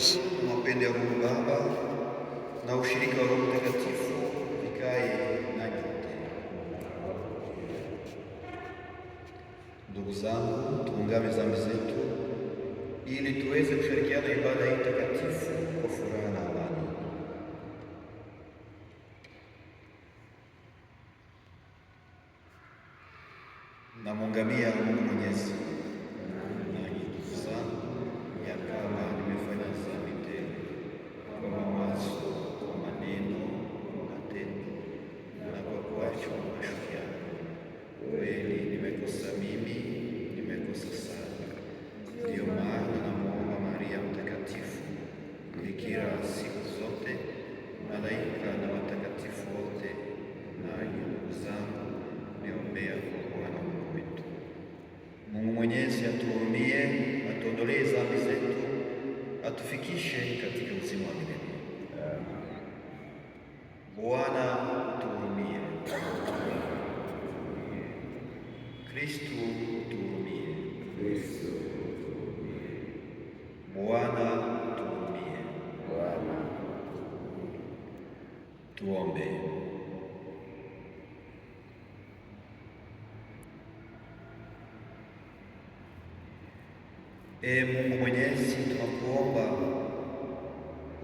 Jesus. Mapendo ya Mungu Baba na ushirika wa Roho Mtakatifu vikae nanyi wote. Ndugu zangu, tuungame dhambi zetu ili tuweze kushirikiana ibada hii takatifu kwa furaha na amani. Namwungamia Mungu Mwenyezi. 体育館の Ee Mungu Mwenyezi, tunakuomba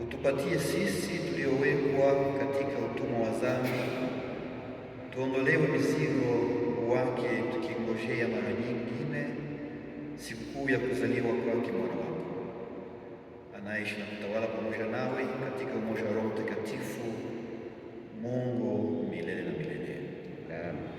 utupatie sisi tuliowekwa katika utumwa wa dhambi, tuondolewe mizigo wake tukingojea mara nyingine sikukuu ya kuzaliwa kwake mwana wako anaishi na kutawala pamoja nawe katika umoja wa Roho Mtakatifu, Mungu milele na milele. Amen.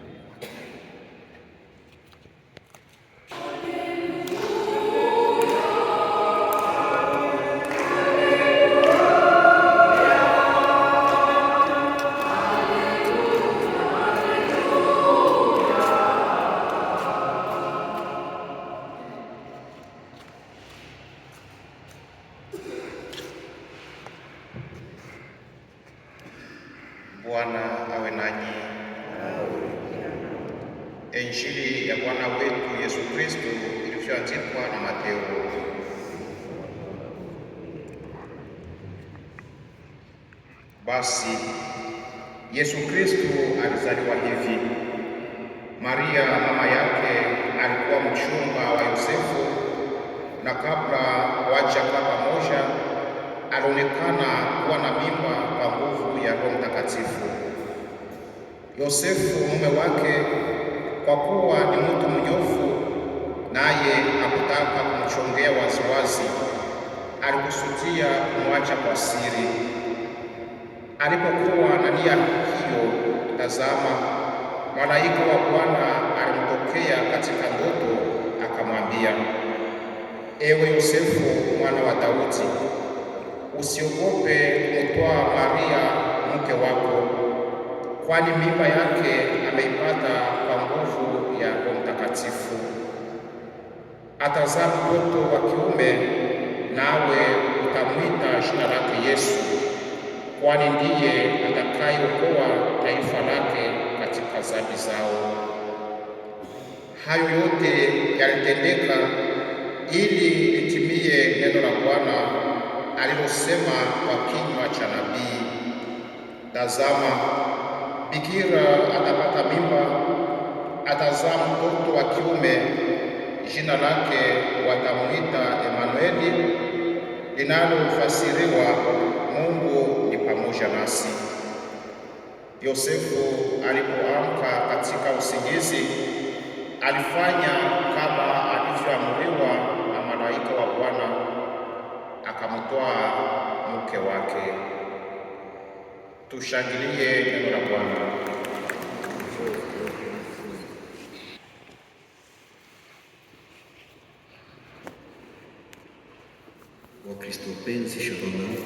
Basi Yesu Kristo alizaliwa hivi. Maria mama yake alikuwa mchumba wa Yosefu, na kabla wajakaa pamoja, alionekana kuwa na mimba kwa nguvu ya Roho Mtakatifu. Yosefu mume wake, kwa kuwa ni mtu mnyofu, naye hakutaka kumchongea waziwazi, alikusudia kumwacha kwa siri. Alipokuwa na nia hiyo, tazama, malaika wa Bwana alimtokea katika ndoto akamwambia, ewe Yosefu mwana wa Daudi, usiogope kumtwaa Maria mke wako, kwani mimba yake ameipata kwa nguvu ya Roho Mtakatifu. Atazaa mtoto wa kiume, nawe utamwita jina lake Yesu kwani ndiye atakayeokoa taifa lake katika dhambi zao. Hayo yote yalitendeka ili litimie neno la Bwana alilosema kwa kinywa cha nabii, tazama, bikira atapata mimba, atazaa mtoto wa kiume, jina lake watamwita Emanueli, linalofasiriwa Mungu ni pamoja nasi. Yosefu alipoamka katika usingizi, alifanya kama alivyoamriwa na malaika wa Bwana, akamtoa mke wake. Tushangilie neno la Bwana. Wakristo penzi shukran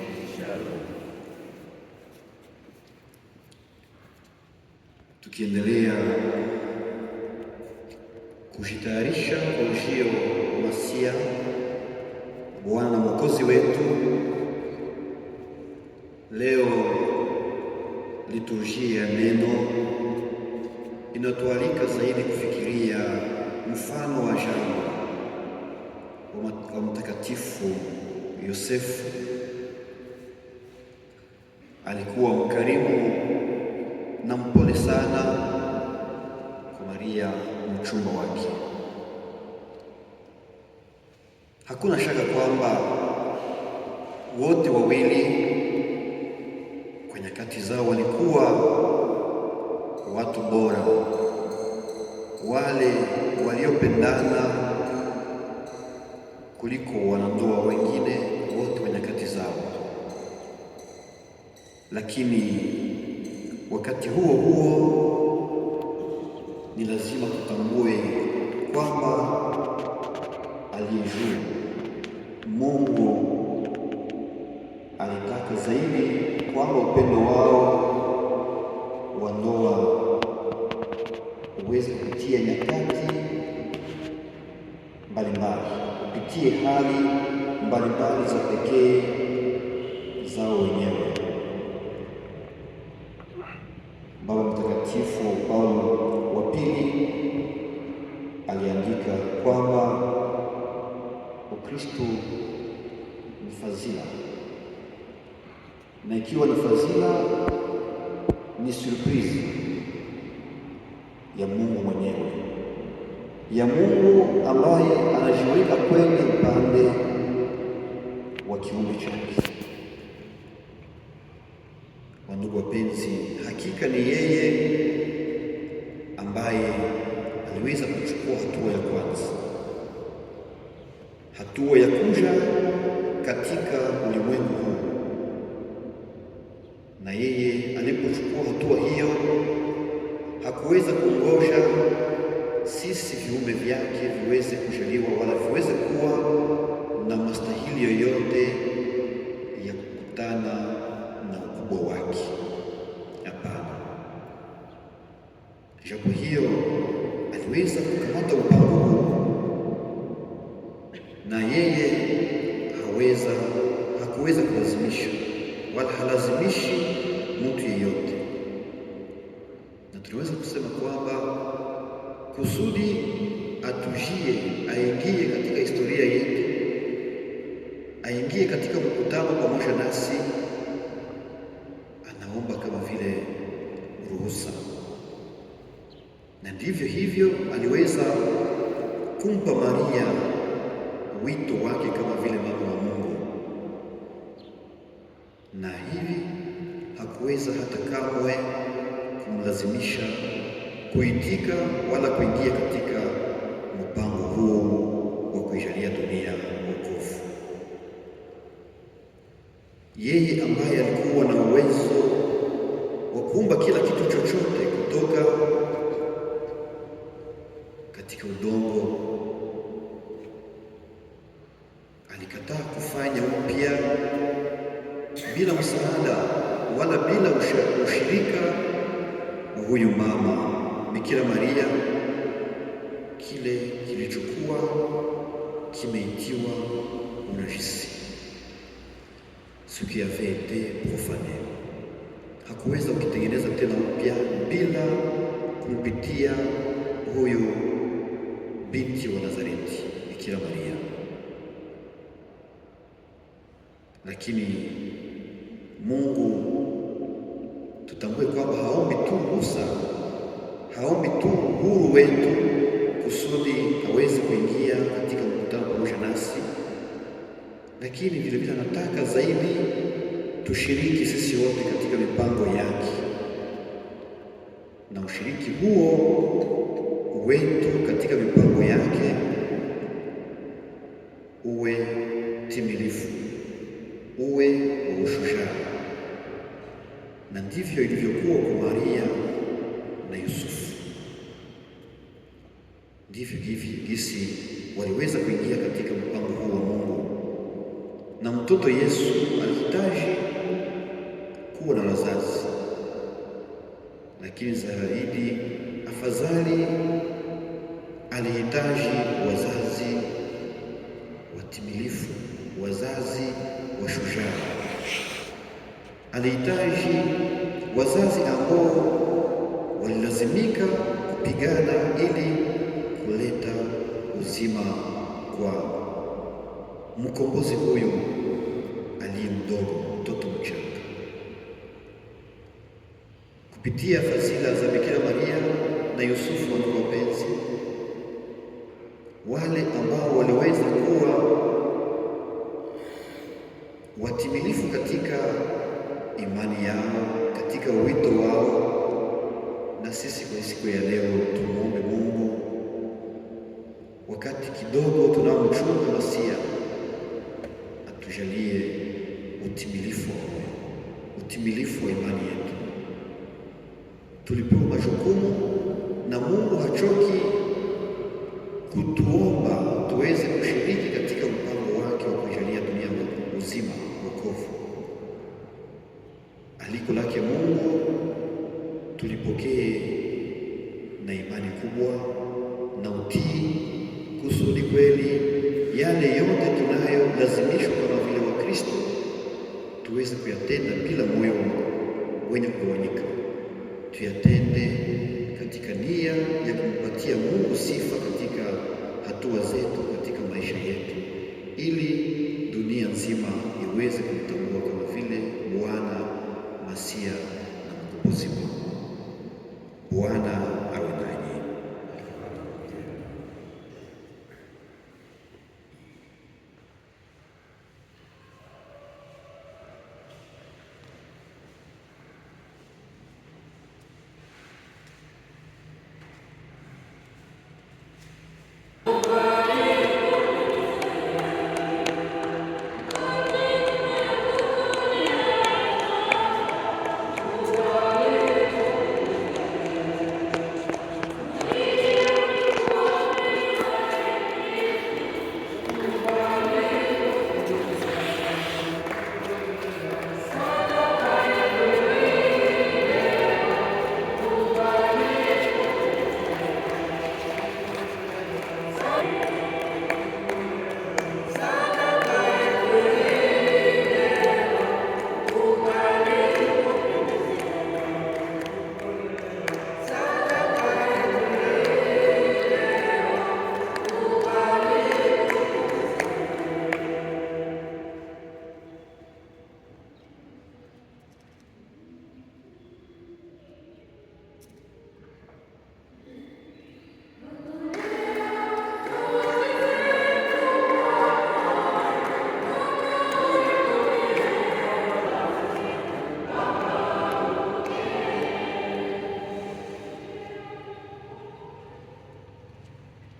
tukiendelea kujitayarisha kwa ushio wa Masia Bwana Mwokozi wetu. Leo liturjia ya neno inatualika zaidi kufikiria mfano wa jana wa Mtakatifu Yosefu. Alikuwa mkarimu na mpole sana kwa Maria mchumba wake. Hakuna shaka kwamba wote wawili kwa nyakati zao walikuwa watu bora, wale waliopendana kuliko wanandoa wengine wote wa nyakati zao, lakini Wakati huo huo ni lazima tutambue kwamba aliye juu Mungu alitaka zaidi kwamba upendo wao wa ndoa uweze kupitia nyakati mbalimbali, upitie hali mbalimbali za pekee zao wenyewe. ikiwa ni fadhila, ni surprise ya Mungu mwenyewe, ya Mungu ambaye anashughulika kwenye upande wa kiumbe chake. Wandugu wapenzi, hakika ni yeye ambaye aliweza kuchukua hatua ya kwanza, hatua ya kuja katika ulimwengu alipochukua hatua hiyo, hakuweza kuongosha sisi viumbe vyake viweze kushaliwa wala viweze kuwa na mastahili yoyote ya kukutana na ukubwa wake. Hapana, japo hiyo aliweza kukamata mpango huu, na yeye haweza hakuweza kulazimisha wala halazimishi mtu yeyote, na tunaweza kusema kwamba kusudi atujie, aingie katika historia yetu, aingie katika mkutano pamoja nasi, anaomba kama vile ruhusa, na ndivyo hivyo aliweza kumpa Maria kamwe kumlazimisha kuitika wala kuingia katika mpango huo wa kuijalia dunia wokovu. Yeye ambaye alikuwa na uwezo wa kuumba kila kitu chochote kutoka katika udongo, alikataa kufanya upya bila msaada wala bila ushirika wa huyu mama Bikira Maria, kile kilichokuwa kimeitiwa unajisi, siku ya avait profane, hakuweza kukitengeneza tena upya bila kumpitia huyu binti wa Nazareti Bikira Maria, lakini Mungu tutambue kwamba haombi tu ruhusa, haombi tu uhuru wetu kusudi aweze kuingia katika mkutano pamoja nasi, lakini vilevile anataka zaidi tushiriki sisi wote katika mipango yake, na ushiriki huo wetu katika mipango yake uwe timilifu, uwe wa ushujaa na ndivyo ilivyokuwa kwa Maria na Yusufu, ndivyo hivi gisi waliweza kuingia katika mpango huu wa Mungu. Na mtoto Yesu alihitaji kuwa na wazazi, lakini zaidi afadhali alihitaji wazazi watimilifu, wazazi washujaa anahitaji wazazi ambao walilazimika kupigana ili kuleta uzima kwa mkombozi huyu aliye mdogo, mtoto mchanga. Kupitia fadhila za Bikira Maria na Yusufu, wa wapenzi, wale ambao waliweza kuwa watimilifu katika imani yao katika wito wao. Na sisi kwa siku ya leo tumuombe Mungu, wakati kidogo tunao wasia, atujalie utimilifu wa utimilifu wa imani yetu. Tulipewa majukumu na Mungu hachoki kutuomba tuweze kushiriki katika mpango wake wa kujalia dunia uzima, wokovu Aliko lake Mungu tulipokee na imani kubwa na utii, kusudi kweli yale yote tunayolazimishwa kama vile Wakristo tuweze kuyatenda bila moyo wenye kugawanyika, tuyatende katika nia ya kumpatia Mungu sifa katika hatua zetu. próxima.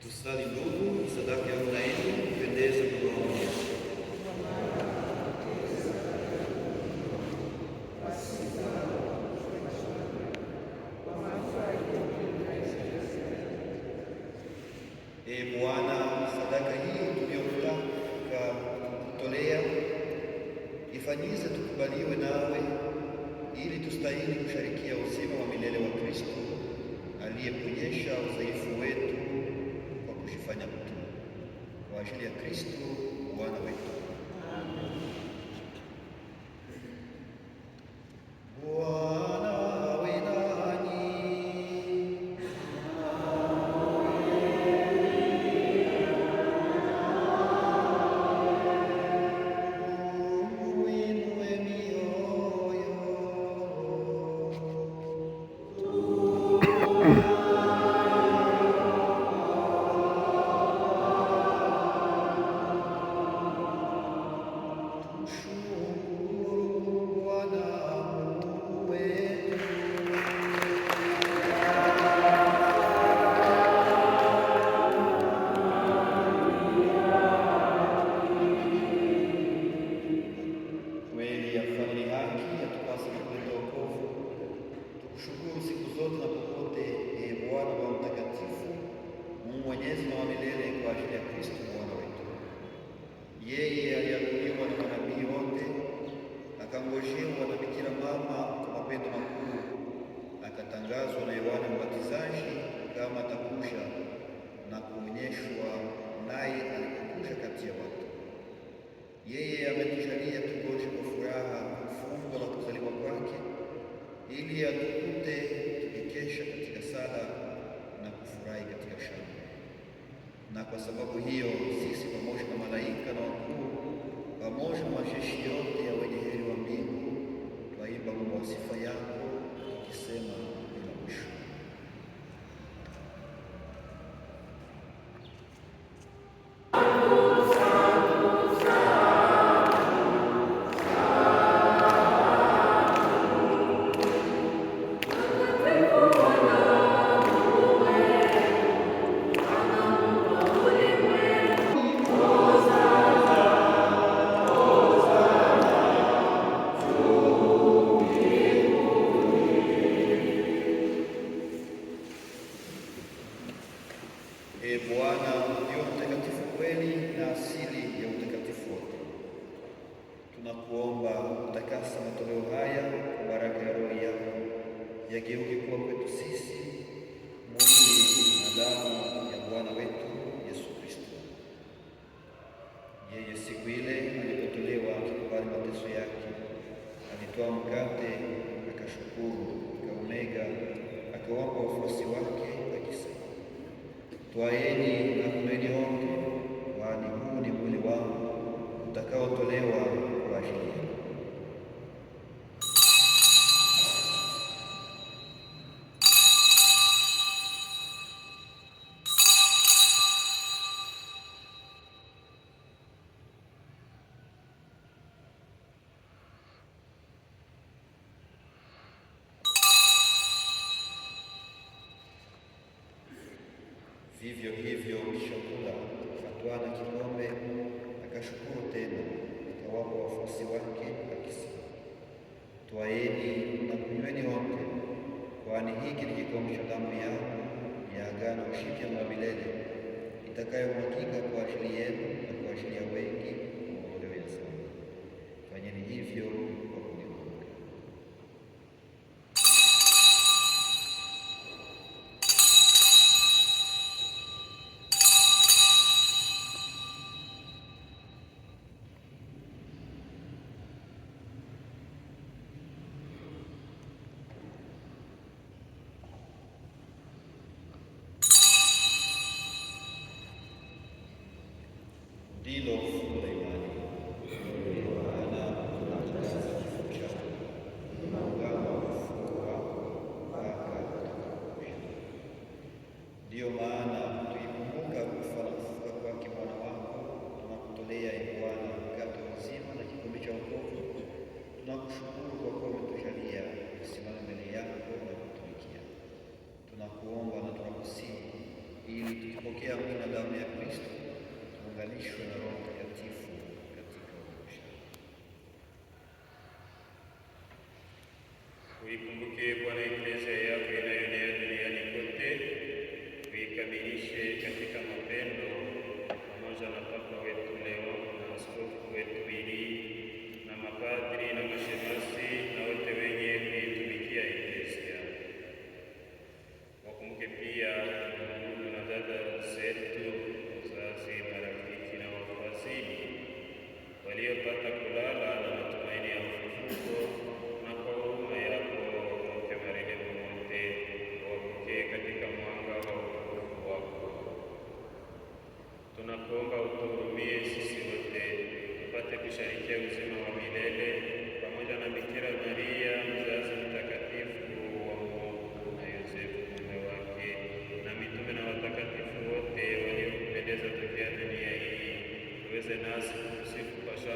Tusali ndugu, sadaka ya namna yenu kupendeza kwa maombi E Bwana, sadaka hii tuliyotaka kutolea ifanyize tukubaliwe nawe, ili tustahili kusharikia uzima wa milele wa Kristo aliyeponyesha udhaifu wetu aliyefanya mtu kwa ajili ya Kristo Bwana wetu. Vivyo hivyo alishokula akatwaa kikombe, akashukuru tena, akawapa wafuasi wake akisema, twaeni na kunyweni wote, kwani hiki ni kikombe cha damu yangu ya agano jipya la milele, itakayomwagika kwa ajili yenu na kwa ajili ya wengi feel of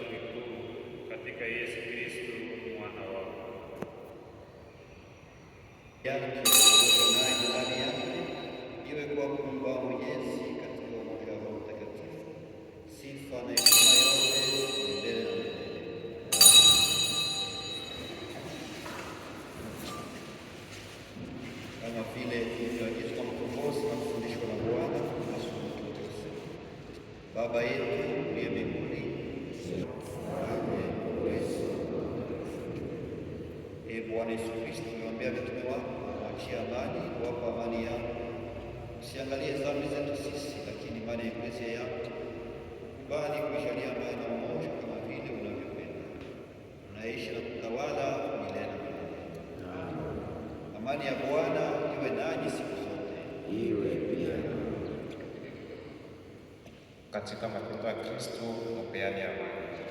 mikuu katika Yesu Kristo mwana wako yake katika matendo ya Kristo, mupeane amani.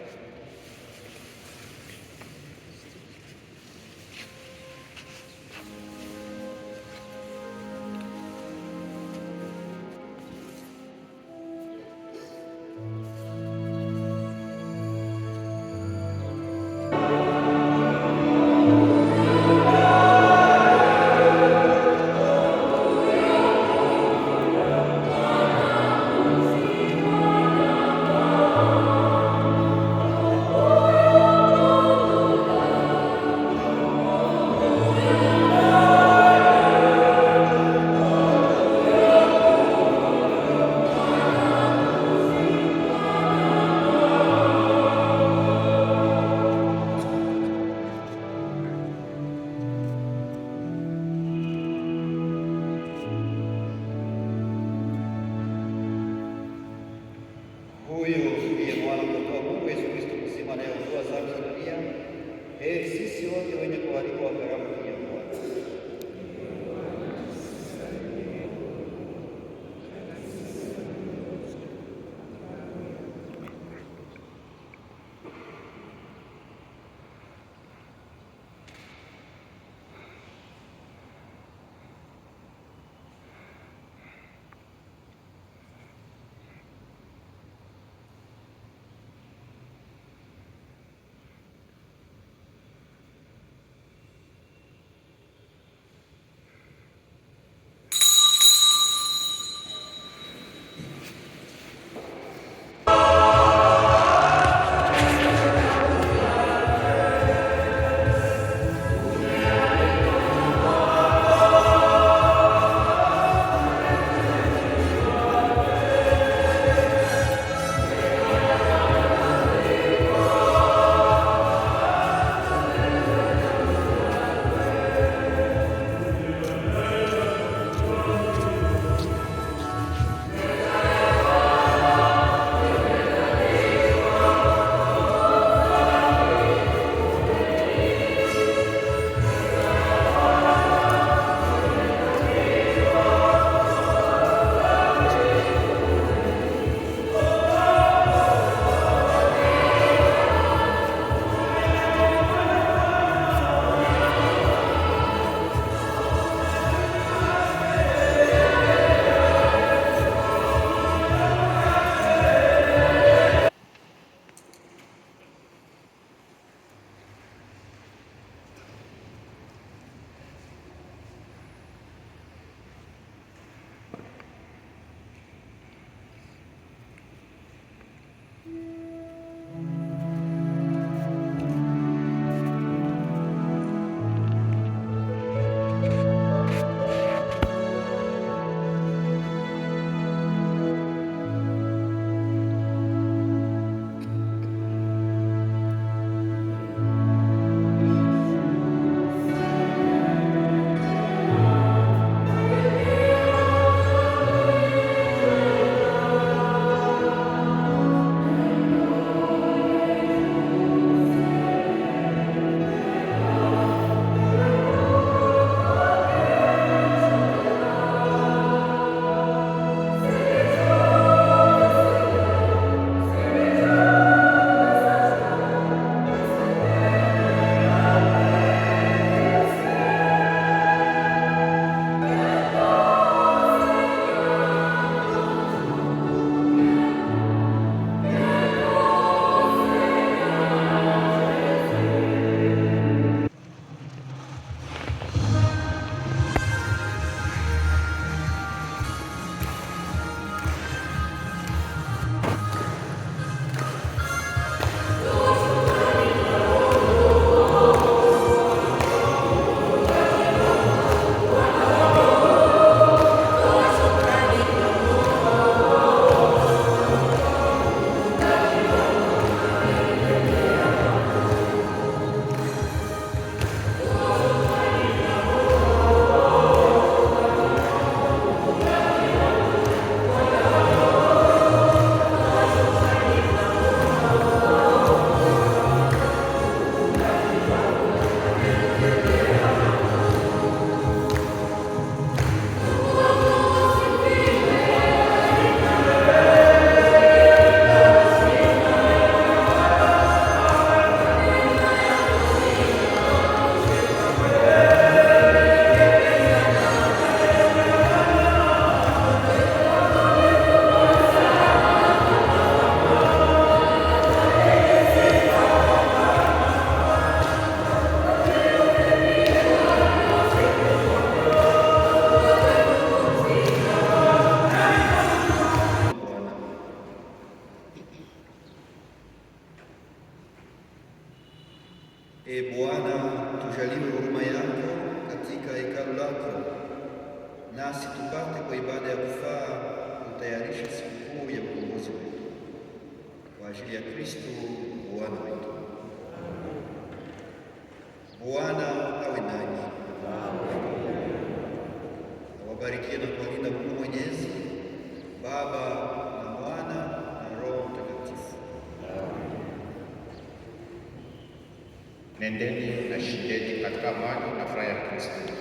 Nendeni na shindeni katika amani na furaha ya Kristo.